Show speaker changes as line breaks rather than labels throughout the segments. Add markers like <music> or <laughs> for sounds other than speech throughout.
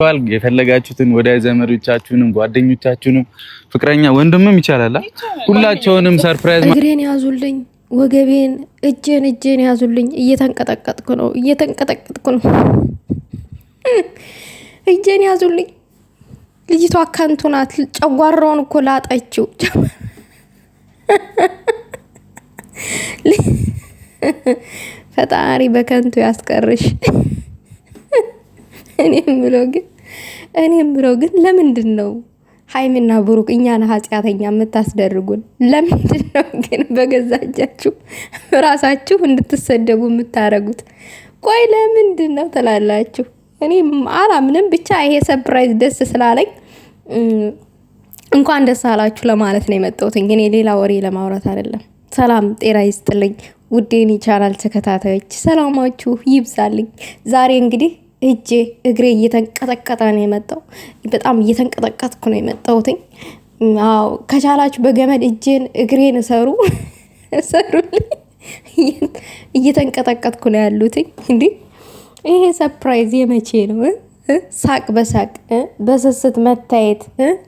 ይባል የፈለጋችሁትን ወዳጅ ዘመዶቻችሁንም ጓደኞቻችሁንም ፍቅረኛ ወንድምም ይቻላል። ሁላቸውንም ሰርፕራይዝ እግሬን ያዙልኝ፣ ወገቤን፣ እጄን እጄን ያዙልኝ። እየተንቀጠቀጥኩ ነው፣ እየተንቀጠቀጥኩ ነው። እጄን ያዙልኝ። ልጅቷ ከንቱ ናት። ጨጓራውን እኮ ላጠችው። ፈጣሪ በከንቱ ያስቀርሽ። እኔ ምለው ግን እኔ ምለው ግን ለምንድን ነው ሀይሚና ብሩክ እኛን ኃጢአተኛ የምታስደርጉን? ለምንድን ነው ግን በገዛጃችሁ ራሳችሁ እንድትሰደቡ የምታረጉት? ቆይ ለምንድን ነው ትላላችሁ? እኔ አላምንም። ብቻ ይሄ ሰፕራይዝ ደስ ስላለኝ እንኳን ደስ አላችሁ ለማለት ነው የመጣሁት። እኔ ሌላ ወሬ ለማውራት አይደለም። ሰላም ጤና ይስጥልኝ ውዴን ይቻላል ተከታታዮች፣ ሰላማችሁ ይብዛልኝ። ዛሬ እንግዲህ እጄ እግሬ እየተንቀጠቀጠ ነው የመጣው። በጣም እየተንቀጠቀጥኩ ነው የመጣውትኝ አዎ ከቻላችሁ በገመድ እጄን እግሬን እሰሩ <laughs> እሰሩ። እየተንቀጠቀጥኩ ነው ያሉትኝ። እንዲህ ይሄ ሰርፕራይዝ የመቼ ነው? ሳቅ በሳቅ በስስት መታየት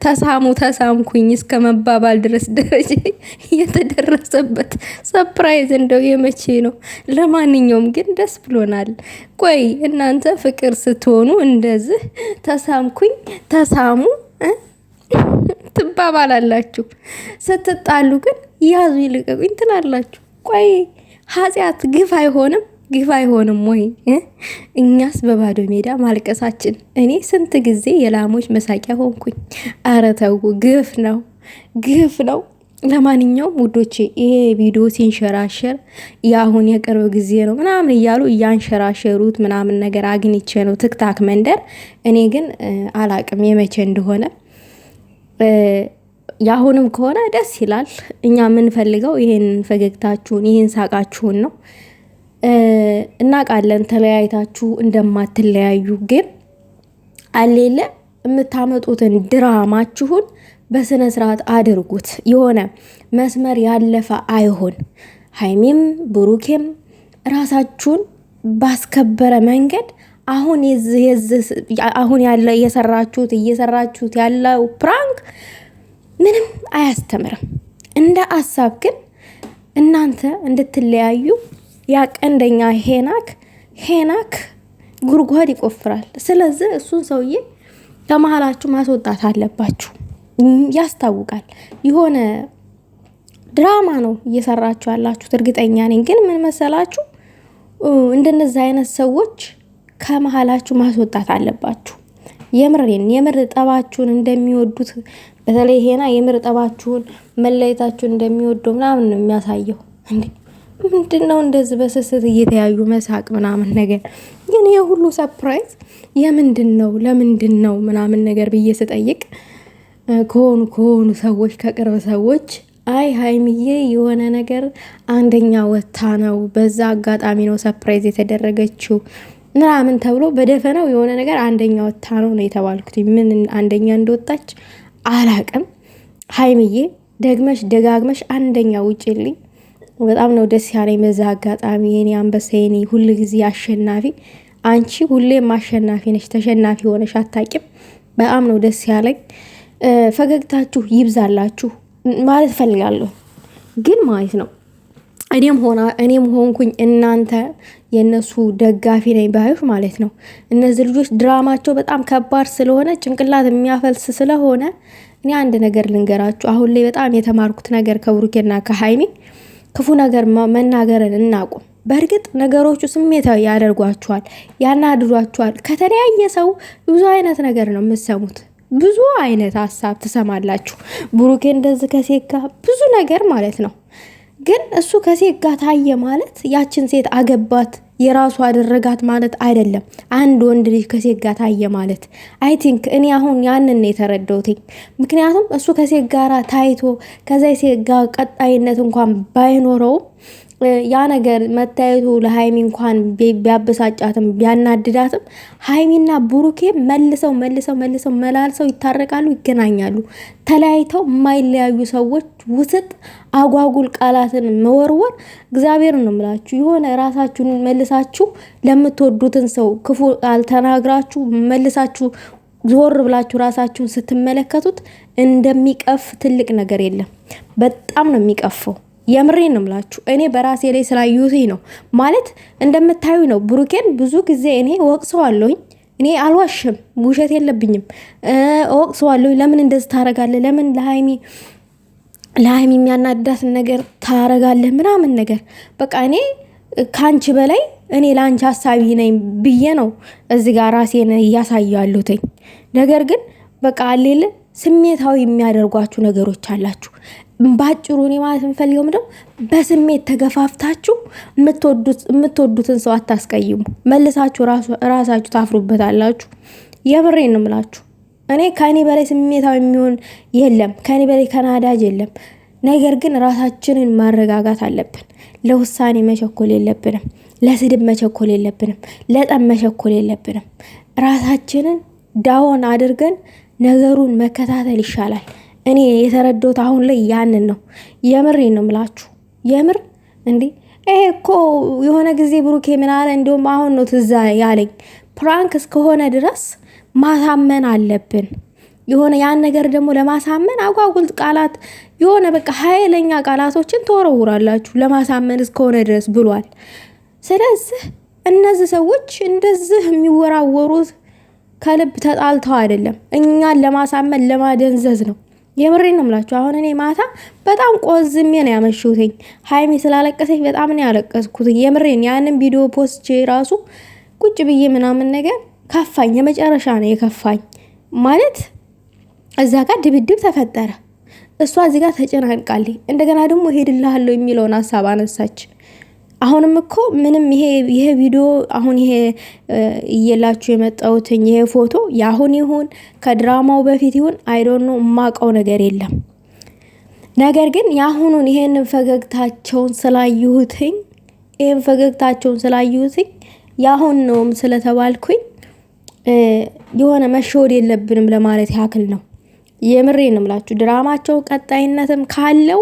ተሳሙ ተሳምኩኝ እስከ መባባል ድረስ ደረጃ <laughs> የተደረሰበት ሰፕራይዝ እንደው የመቼ ነው? ለማንኛውም ግን ደስ ብሎናል። ቆይ እናንተ ፍቅር ስትሆኑ እንደዚህ ተሳምኩኝ ተሳሙ ትባባላላችሁ፣ ስትጣሉ ግን ያዙ ይልቀቁኝ ትላላችሁ። ቆይ ኃጢአት ግፍ አይሆንም? ግፍ አይሆንም ወይ? እኛስ በባዶ ሜዳ ማልቀሳችን። እኔ ስንት ጊዜ የላሞች መሳቂያ ሆንኩኝ። አረ ተው፣ ግፍ ነው፣ ግፍ ነው። ለማንኛውም ውዶቼ ይሄ ቪዲዮ ሲንሸራሸር የአሁን የቅርብ ጊዜ ነው ምናምን እያሉ እያንሸራሸሩት ምናምን ነገር አግኝቼ ነው ትክታክ መንደር። እኔ ግን አላቅም የመቼ እንደሆነ የአሁንም ከሆነ ደስ ይላል። እኛ የምንፈልገው ይሄን ፈገግታችሁን፣ ይሄን ሳቃችሁን ነው። እናቃለን ተለያይታችሁ እንደማትለያዩ ግን አሌለ የምታመጡትን ድራማችሁን በስነ ስርዓት አድርጉት። የሆነ መስመር ያለፈ አይሆን። ሀይሜም ብሩኬም ራሳችሁን ባስከበረ መንገድ አሁን ያለ እየሰራችሁት እየሰራችሁት ያለው ፕራንክ ምንም አያስተምርም። እንደ አሳብ ግን እናንተ እንድትለያዩ ያ ቀንደኛ ሄናክ ሄናክ ጉድጓድ ይቆፍራል። ስለዚህ እሱን ሰውዬ ከመሀላችሁ ማስወጣት አለባችሁ። ያስታውቃል። የሆነ ድራማ ነው እየሰራችሁ ያላችሁት። እርግጠኛ ነኝ። ግን ምን መሰላችሁ፣ እንደነዚህ አይነት ሰዎች ከመሀላችሁ ማስወጣት አለባችሁ። የምርን የምር ጠባችሁን እንደሚወዱት በተለይ ሄና የምር ጠባችሁን መለየታችሁን እንደሚወዱ ምናምን ነው የሚያሳየው እንዴ ምንድን ነው እንደዚህ በስስት እየተያዩ መሳቅ ምናምን ነገር። ግን ይህ ሁሉ ሰፕራይዝ የምንድን ነው ለምንድን ነው ምናምን ነገር ብዬ ስጠይቅ ከሆኑ ከሆኑ ሰዎች ከቅርብ ሰዎች አይ ሀይሚዬ የሆነ ነገር አንደኛ ወታ ነው፣ በዛ አጋጣሚ ነው ሰፕራይዝ የተደረገችው ምናምን ተብሎ በደፈናው የሆነ ነገር አንደኛ ወታ ነው ነው የተባልኩት። ምን አንደኛ እንደወጣች አላቅም። ሀይሚዬ ደግመሽ ደጋግመሽ አንደኛ ውጭልኝ። በጣም ነው ደስ ያለኝ በዛ አጋጣሚ። የኔ አንበሳ፣ የኔ ሁል ጊዜ አሸናፊ አንቺ ሁሌም አሸናፊ ነች ተሸናፊ ሆነሽ አታቂም። በጣም ነው ደስ ያለኝ። ፈገግታችሁ ይብዛላችሁ ማለት ፈልጋለሁ ግን ማለት ነው እኔም ሆና እኔም ሆንኩኝ እናንተ የእነሱ ደጋፊ ነኝ ባዮች ማለት ነው። እነዚህ ልጆች ድራማቸው በጣም ከባድ ስለሆነ ጭንቅላት የሚያፈልስ ስለሆነ እኔ አንድ ነገር ልንገራችሁ። አሁን ላይ በጣም የተማርኩት ነገር ከብሩኬና ከሀይሜ ክፉ ነገር መናገርን እናቁም። በእርግጥ ነገሮቹ ስሜታዊ ያደርጓችኋል፣ ያናድዷችኋል። ከተለያየ ሰው ብዙ አይነት ነገር ነው የምትሰሙት። ብዙ አይነት ሀሳብ ትሰማላችሁ። ብሩኬ እንደዚህ ከሴት ጋር ብዙ ነገር ማለት ነው። ግን እሱ ከሴት ጋር ታየ ማለት ያችን ሴት አገባት የራሱ አደረጋት ማለት አይደለም። አንድ ወንድ ልጅ ከሴት ጋር ታየ ማለት አይ ቲንክ እኔ አሁን ያንን የተረዳውትኝ። ምክንያቱም እሱ ከሴት ጋር ታይቶ ከዛ ሴት ጋር ቀጣይነት እንኳን ባይኖረውም ያ ነገር መታየቱ ለሀይሚ እንኳን ቢያበሳጫትም ቢያናድዳትም ሀይሚና ብሩኬ መልሰው መልሰው መልሰው መላልሰው ይታረቃሉ፣ ይገናኛሉ። ተለያይተው የማይለያዩ ሰዎች ውስጥ አጓጉል ቃላትን መወርወር እግዚአብሔር ነው ምላችሁ የሆነ ራሳችሁን መልሳችሁ ለምትወዱትን ሰው ክፉ አልተናግራችሁ መልሳችሁ ዞር ብላችሁ ራሳችሁን ስትመለከቱት እንደሚቀፍ ትልቅ ነገር የለም። በጣም ነው የሚቀፈው። የምሬን ነው ምላችሁ። እኔ በራሴ ላይ ስላዩት ነው ማለት እንደምታዩ ነው። ብሩኬን ብዙ ጊዜ እኔ ወቅሰዋለሁኝ። እኔ አልዋሽም፣ ውሸት የለብኝም። ወቅሰዋለሁኝ። ለምን እንደዚህ ታደርጋለህ? ለምን ለሀይሚ ለሀይሚ የሚያናዳትን ነገር ታረጋለህ? ምናምን ነገር በቃ እኔ ከአንቺ በላይ እኔ ለአንቺ ሀሳቢ ነኝ ብዬ ነው እዚህ ጋር ራሴን እያሳየ ያሉትኝ። ነገር ግን በቃ ሌለ ስሜታዊ የሚያደርጓችሁ ነገሮች አላችሁ። በአጭሩ እኔ ማለት የምፈልገው ምንድነው፣ በስሜት ተገፋፍታችሁ የምትወዱትን ሰው አታስቀይሙ። መልሳችሁ ራሳችሁ ታፍሩበታላችሁ። የምሬን ነው እኔ ከእኔ በላይ ስሜታዊ የሚሆን የለም፣ ከእኔ በላይ ከናዳጅ የለም። ነገር ግን ራሳችንን ማረጋጋት አለብን። ለውሳኔ መቸኮል የለብንም። ለስድብ መቸኮል የለብንም። ለጠብ መቸኮል የለብንም። ራሳችንን ዳውን አድርገን ነገሩን መከታተል ይሻላል። እኔ የተረዶት አሁን ላይ ያንን ነው። የምር ነው ምላችሁ። የምር እንዴ ይሄ እኮ የሆነ ጊዜ ብሩኬ ምናለ እንዲሁም አሁን ነው ትዛ ያለኝ ፕራንክ እስከሆነ ድረስ ማሳመን አለብን። የሆነ ያን ነገር ደግሞ ለማሳመን አጓጉል ቃላት የሆነ በቃ ኃይለኛ ቃላቶችን ተወረውራላችሁ ለማሳመን እስከሆነ ድረስ ብሏል። ስለዚህ እነዚህ ሰዎች እንደዚህ የሚወራወሩት ከልብ ተጣልተው አይደለም፣ እኛን ለማሳመን ለማደንዘዝ ነው። የምሬን ነው ምላችሁ አሁን እኔ ማታ በጣም ቆዝሜ ነው ያመሸሁትኝ። ሀይሚ ስላለቀሰች በጣም ነው ያለቀስኩት። የምሬን ያንን ቪዲዮ ፖስቼ ራሱ ቁጭ ብዬ ምናምን ነገር ከፋኝ። የመጨረሻ ነው የከፋኝ ማለት እዛ ጋር ድብድብ ተፈጠረ። እሷ እዚህ ጋር ተጨናንቃለች። እንደገና ደግሞ ሄድልሃለሁ የሚለውን ሀሳብ አነሳች። አሁንም እኮ ምንም ይሄ ይሄ ቪዲዮ አሁን ይሄ እየላችሁ የመጣሁትኝ ይሄ ፎቶ የአሁን ይሁን ከድራማው በፊት ይሁን አይዶኑ የማውቀው ነገር የለም። ነገር ግን የአሁኑን ይሄንን ፈገግታቸውን ስላዩትኝ ይሄን ፈገግታቸውን ስላዩትኝ የአሁን ነውም ስለተባልኩኝ የሆነ መሸወድ የለብንም ለማለት ያክል ነው። የምሬን እምላችሁ ድራማቸው ቀጣይነትም ካለው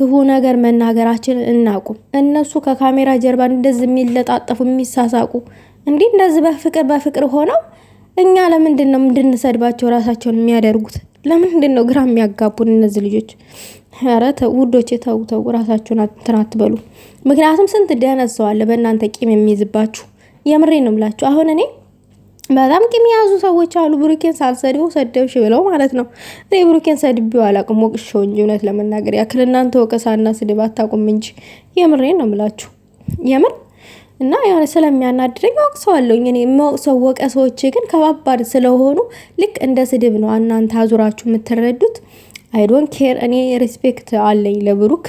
ክፉ ነገር መናገራችን እናቁም። እነሱ ከካሜራ ጀርባ እንደዚህ የሚለጣጠፉ የሚሳሳቁ እንዲህ እንደዚህ በፍቅር በፍቅር ሆነው እኛ ለምንድን ነው እንድንሰድባቸው ራሳቸውን የሚያደርጉት? ለምንድን ነው ግራ የሚያጋቡን እነዚህ ልጆች? ኧረ ውዶቼ ተው ተው፣ ራሳችሁን እንትን አትበሉ። ምክንያቱም ስንት ደነሰዋለ በእናንተ ቂም የሚይዝባችሁ። የምሬ ነው ብላችሁ አሁን እኔ በጣም ቂም የያዙ ሰዎች አሉ። ብሩኬን ሳልሰድበው ሰደብሽ ብለው ማለት ነው። እኔ ብሩኬን ሰድቤው አላቅም ወቅሼው እንጂ እውነት ለመናገር ያክል እናንተ ወቀሳና ስድብ አታቁም እንጂ የምሬን ነው ምላችሁ የምር እና የሆነ ስለሚያናድደኝ ወቅሰዋለሁኝ። እኔ ወቀ ወቀሶች ግን ከባባድ ስለሆኑ ልክ እንደ ስድብ ነው እናንተ አዙራችሁ የምትረዱት። አይዶን ኬር እኔ ሪስፔክት አለኝ ለብሩክ